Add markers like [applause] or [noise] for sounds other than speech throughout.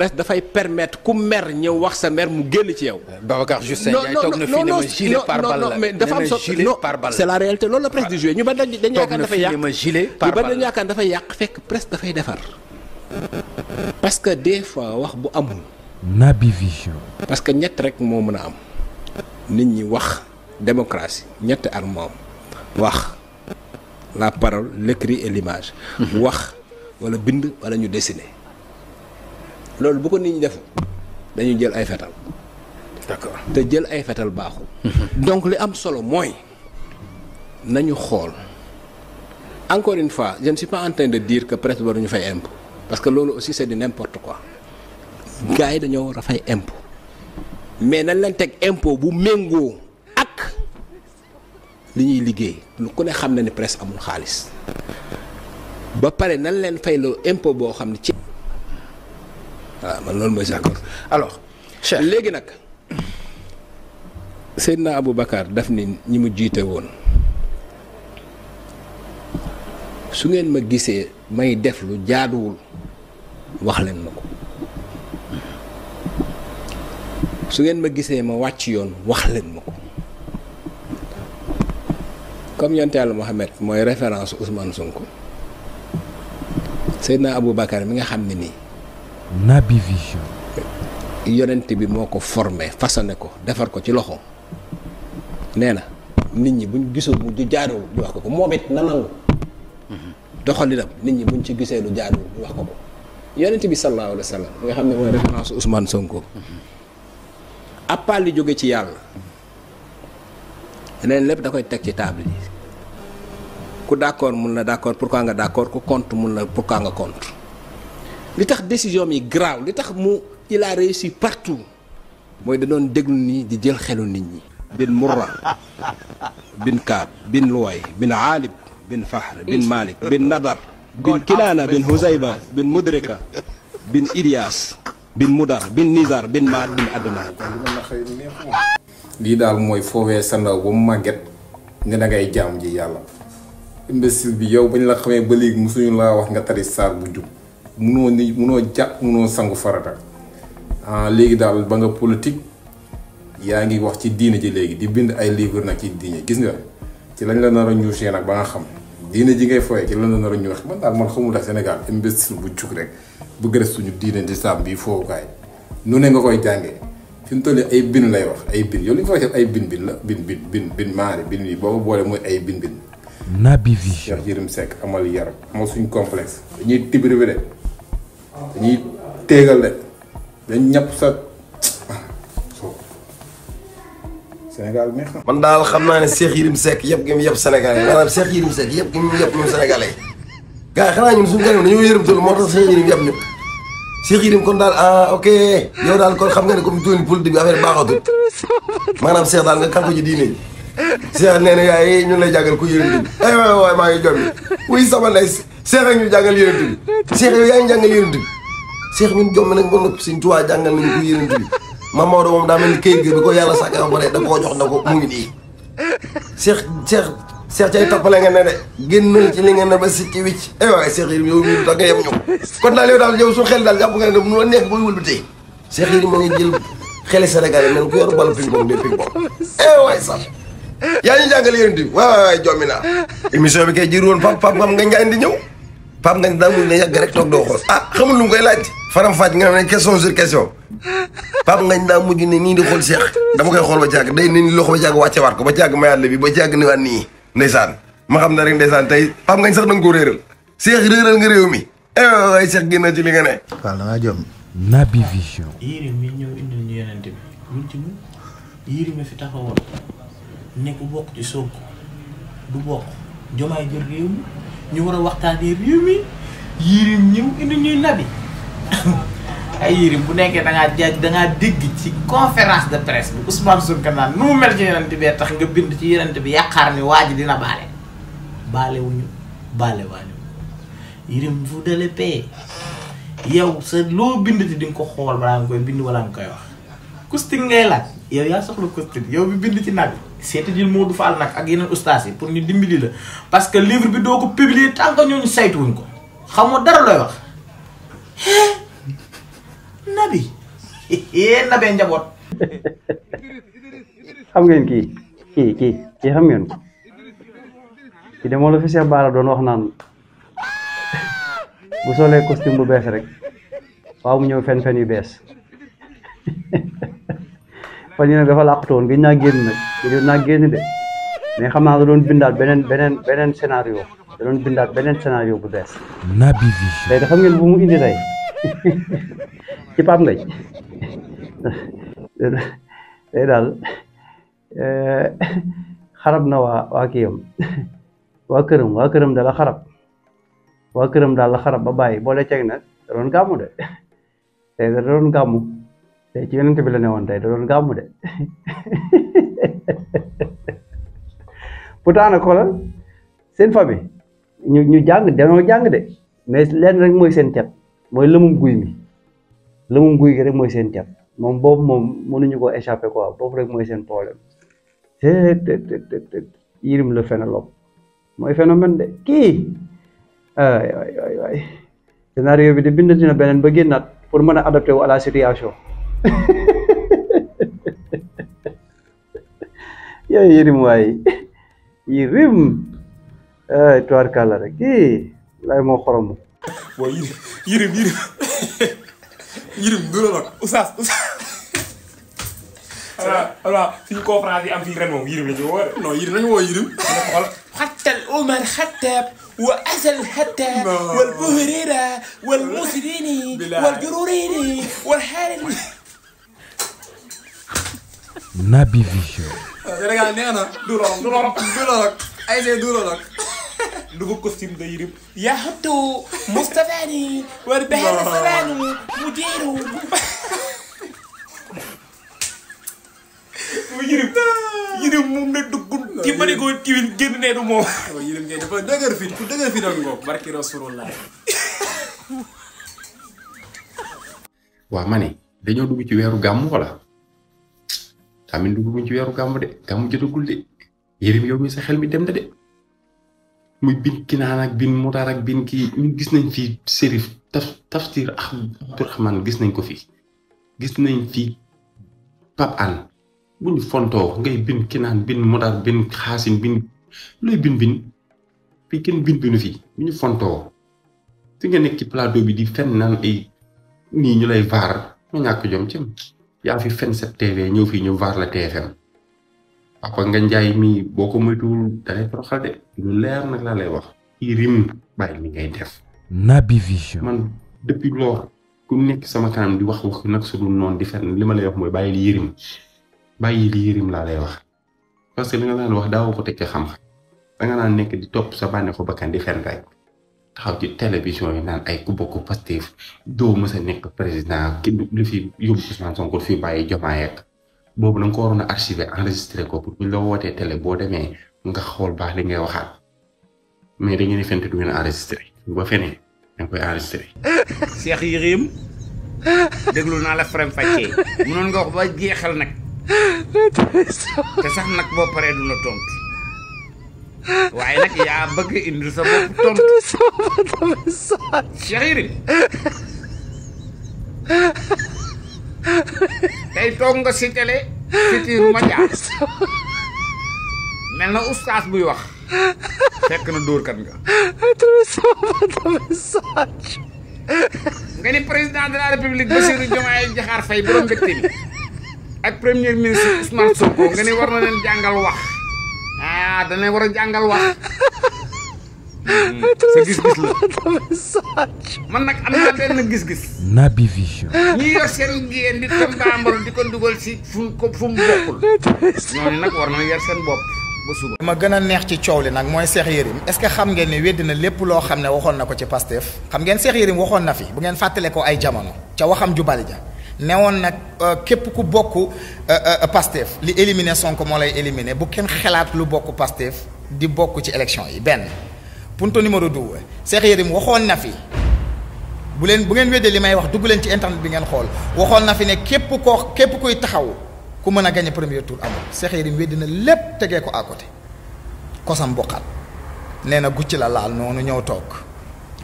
presse dafay permettre ku mer ñëw wax sa mer mu génn ci yow. Euh, Babacar Justin Ndiaye toog na fi ne ma gilet par non non mais dafa am solo non c'est la réalité non la presse du jouer ñu ba dañu yaakaar dafay yàq ñu ba dañu yaakaar dafay yàq fekk presse dafay defar parce que des fois wax bu amul. Naby Vision. parce que ñett rek moo mën a am nit ñi wax démocratie ñetti at moo wax la parole l'écrit et l'image mhm. wax wala bind wala ñu dessiner. loolu bu ko nit ñi def dañuy jël ay fetal. d'accord te jël ay fetal baaxul. Mhm. donc li am solo mooy nañu xool encore une fois je ne suis pas en train de dire que presse waruñu fay impôt parce que loolu aussi c'est du n'importe quoi gars yi dañoo war a fay impôt mais nañ leen teg impôt bu méngoo ak li ñuy liggéey lu ku ne xam na ni presque amul xaalis ba pare nañ leen fay loo impôt boo xam ne ci. waaw man loolu mooy sa accord alors. Cheikh léegi nag naa abu bakar daf ni ñi mu jiite woon su ngeen ma gisee may def lu jaaduwul wax leen ma ko su ngeen ma gisee ma wàcc yoon wax leen ma ko comme yonte Yàlla Mohamed mooy référence Ousmane Sonko abu Aboubacar mi nga xam ne nii. nabi Vision. yonent bi moko formé façonné ko défar ko ci loxo néna nit ñi buñu gisul mu ju jaaru di wax ko ko moom it na nangu doxalinam nit ñi buñ ci gissé lu jaaru di wax ko ko yonent bi sallallahu alayhi wasallam nga xamné moy référence Ousmane Sonko appal li jóge ci yalla leneen lepp da koy tek ci table yi ku d'accord mun la pourquoi nga d'accord ku contre mun la pourquoi nga contre li tax décision mi grave li tax mu il a réussi partout mooy da non déglu nii di jël nit bin murra bin kaab bin Loi, bin aalib bin fahr bin malik bin Nader, bin Kilana, bin huzayba bin mudrika bin Ilias, bin mudar bin nizar bin maat bin adnaan lii daal mooy foowee sa ndaw ba mu màgget ne da ngay jaam ji yàlla imbécile bi yow bañ la xamee ba léegi mosuñu laa wax nga tari saar bu munoo ni munoo jàpp munoo sangu farata ah, léegi daal ba nga politique yaa ngi wax ci diine ji léegi di bind ay livre nag ci diine gis nga ci lañ la nar a ñuusee nag ba nga xam diine ji ngay foyee ci la nar a ñuusee man daal man xamul tax Sénégal bu jug rek bëgg rek suñu diine di sàmm bii foofukaay nu ne nga koy jàngee fi mu toll ay bin lay wax ay bin ay bin la bin bin bin bin maari bin yi boo ay bin bin. Naby Vision Cheikh Yérim Seck amal yar amal suñu complex dañuy tibri de. dañuy téegal de dañ ñàpp sa Sénégal neex man daal xam naa ne Cheikh Yérim Seck yëpp gi mu yëpp sénégalais maanaam Cheikh Yérim Seck yëpp gi mu yëpp ñun sénégalais gars yi xanaa ñun suñu kanam dañoo yërëmtal moo tax Cheikh Yérim yëpp ñu Cheikh Yérim kon daal ah ok yow daal kon xam nga ne comme tuuti politique bi affaire baaxatul maanaam Cheikh daal nga kànku ci diine Cheikh nee na yaay ñun lay jàngal ku yërëm di ay waay maa ngi jom wuy sama ndey si seex ak ñu jàngal yonent bi seex yow yaa ngi jàngal yonent bi seex ñun jomm nañ ba noppi suñ tuwaa jàngal nañ ko yonent bi ma Maodo moom daa mel ni këyit gi bi ko yàlla sàkka ba pare da koo jox na ko mu ngi nii seex seex seex cay toppale nga ne de génnal ci li nga ne ba si ci wicc ay eh waay seex yërim yow ñu da nga yem ñu kon daal yow de mu la neex booy wëlbi tey seex yërim ma ngi jël xeli Sénégal yi men ku yor bal ping pong de ping pong ay eh waay sax yaa ñu jàngale yéen di waay waay waay jommi naa bi kay jiir woon pap pap nga njaay di ñëw pap nga daa mun ne yàgg rek toog doo xool ah ne question sur question ngañ daa mujj ne nii di xool seex dafa koy xool ba jàgg day ne ni loxo ba jàgg wàcce waat ko ba jàgg mayaat la bi ba jàgg ni waat nii ndeysaan ma xam ne rek ndeysaan tey pap ngañ sax danga ko réeral seex réeral nga réew mi eh waay seex génn ci li nga ne waaw da ngaa jom Naby Vision yérim mi ñëw indil ñu yeneen bi luñ ci mu yérim fi taxawoon Nek bok ci sonk du bok jomay jël rew mi ñu wara a rew mi yirim ñu indi ñuy nabi [laughs] ay yirim bu nekké da nga jaj da nga dégg ci conférence de presse bu Ousmane Sonko na nu mel ci yonent bi tax nga bind ci yonent bi yaakaar ni waji dina balé balé wuñu balé walé yirim fu dale pee yow sa lo bind ci di ko xol balaa nga koy bind wala nga koy wax kusting ngay laaj yow yaa soxla kusting yow bi bind ci nag seeti jil Modou Fall nag ak yeneen ustaas yi pour ñu dimbali la parce que livre bi doo ko publier tant que ñooñu wuñ ko xamoo dara looy wax nabi nabee njaboot xam ngeen kii kii kii kii xam ngeen ko kii demoo la fi Cheikh Bara doon wax naan bu solee costume bu bees rek waaw mu ñëw fen fen yu bees [laughs] fa ñu a dafa làqatu woon gëj naa génn nag gëjoon naa génn de mais xam naa da doon bindaal beneen beneen beneen scénario da doon bindaat beneen scénario bu bees. Naby Vision. tey xam ngeen bu mu indi tey [laughs] ci Pape Ngagne tey daal xarab na waa waa kii waa këram waa këram xarab waa këram daal la xarab ba bàyyi boole ceeg nag da doon de tey da doon ci yonent bi la ne woon tey da doon gàmmu de pourtant nag seen famille ñu ñu jàng dañoo jàng de mais lenn rek mooy seen cat mooy lëmum guy mi lëmum guy gi rek mooy seen tet moom boobu moom mënuñu ko échappé a boobu rek mooy seen problème tet Yérim Le Phénologue mooy phénomène de kii ay ay ay scénario bi de bind dina beneen ba génnaat pour mën a adapté wu à la situation yaa yërëm waay yërëm ah tuwaar kàlla rek kii lay moo xoromu. waaw yërëm yërëm yërëm yërëm du la nag oustaz oustaz. voilà voilà suñu conférence yi am fii ren moom yërëm la ñu woo de. non yërëm nañu woo yërëm. xool xattal Omar xattab. وأسى الهتاب والبهريرة والمسرين والجرورين والحال Naby Vision. Sénégal nee na du lorok du lorok du lorok ay see du lorok dugg costume de yërëm yaa xëttoo Moustapha war bexer sabaanu mu jeeru mu yërëm na dugg ci bari ko tiwin génn nee du moom yërëm ngay dafa dëgër fit ku dëgër fit ak ngoog barki rasulullah waaw ma dañoo dugg ci weeru gàmm wala Taamin dugguñ ci weeru gàmm de gàmm jotagul de Yérim yow mi sa xel mi dem na de muy bin Kinaan ak bin Mutaar ak bin kii ñu gis nañ fi Serif taf gis nañ ko fi gis nañ fi Pape An bu ñu fontoo ngay bin Kinaan bin Mutaar bin Xaasim bin looy bin bin fii kenn bin binu fi bu ñu fontoo fi nga nekk ci bi di fenn naan ay ñu lay vaar nga ñàkk jom cem yaa fi Fensep TV ñëw fii ñu baax la TFM papa nga njaay mii boo ko moytuwul da lay toroxal de lu leer nag laa lay wax irim bàyyi mi ngay def. Naby Vision man depuis lool ku nekk sama kanam di wax wax nag su dul noonu di fenn li ma lay wax mooy bàyyi li yërim bàyyi li yërim laa lay wax parce que li nga daan wax daawoo ko teg ca xam-xam da nga naan nekk di topp sa bànneexu bakkan di fenn rek. taxaw ci télévision yi naan ay ku bokk Pastef doo mës a nekk président ki li fi yóbbu Ousmane Sonko fi bàyyi Diomaye ak boobu na ko waroon a archiver enregistré ko pour buñ la wootee télé boo demee nga xool baax li ngay waxaat mais dañu ne fent du ngeen enregistré ba feneen da nga koy enregistré. Cheikh Yérim déglu naa la faram fa mënoon nga wax ba jeexal nag [laughs] te nag boo paree la tontu. waaye nag yaa bëgg indil sa bopp tontu indil sa bopp message. Cheikh si télé Futurs Médias mel na ustaas buy wax fekk na dóorkat nga. indil sa bopp message. nga ni président de la république Bassirou premier ministre Ousmane Sonko nga ni war na leen ah danay war a jàngal wax. sa man nag am naa benn gis-gis. Naby Vision. ñi yor seen géen di tëmbaambal di ko dugal si fu ko mu bokkul. ñooñu nag war na yor seen bopp ba ma gën a neex ci coow li nag mooy Cheikh Yérim est-ce que xam ngeen ne weddi na lépp loo xam ne waxoon na ko ci Pastef. xam ngeen Cheikh Yérim waxoon na fi bu ngeen fàttale ko ay jamono ca waxam ju bari ja newoon nag euh, képp ku bokk euh, euh, Pastef li éliminer Sonko moo lay éliminer bu kenn xalaat lu bokk Pastef di bokk ci élection yi benn punto numéro deux Cheikh Yérim waxoon na fi bu leen bu ngeen weddee li may wax dugg leen ci internet bi ngeen xool waxoon na fi ne képp koo képp kuy taxaw ku mën a gagné premier tour amul Cheikh Yérim weddi na lépp tegee ko à côté kosam bokkaat nee na gucc la laal noonu ñëw toog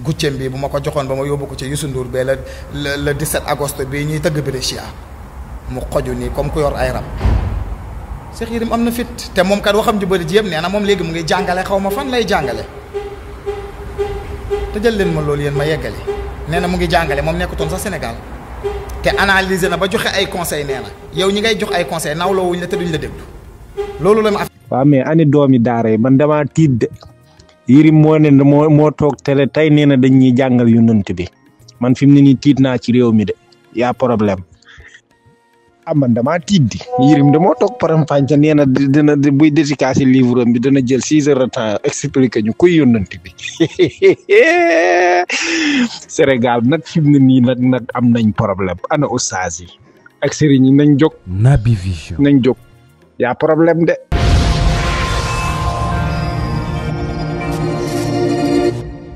guccem bi bu ma ko joxoon ba ma yóbbu ko ci Youssou Ndour bee la la le 17 agost bi ñuy tëgg Brescia mu xoju nii comme ku yor ay rab Cheikh Yérim am na fit te moom kat waxam ju bëri ji yëpp nee na moom léegi mu ngi jàngale xaw ma fan lay jàngale te jël leen ma loolu yéen ma yeggale nee na mu ngi jàngale moom nekkutoon sax Sénégal te analyser na ba joxe ay conseil nee yow ñi ngay jox ay conseil nawloo wuñ la te duñ la déglu loolu la ma. waaw mais ani doomi daara yi man dama tiit de Yérim moo ne moo moo toog télé tey nee na dañuy jàngal yonent bi man fi mu ne nii tiit naa ci réew mi de yaa problème ama ah, man damaa tiit di Yérim damoo toog param-fànca nee na dina buy dédicace livre am bi dana jël six heures de temps expliqué ñu kuy yonent bi seregal [laughs] nag fi mu ne nii nag am nañ problème ana oustaz yi ak sëriñ yi nañ jóg Naby Vision nañ jóg yaa problème de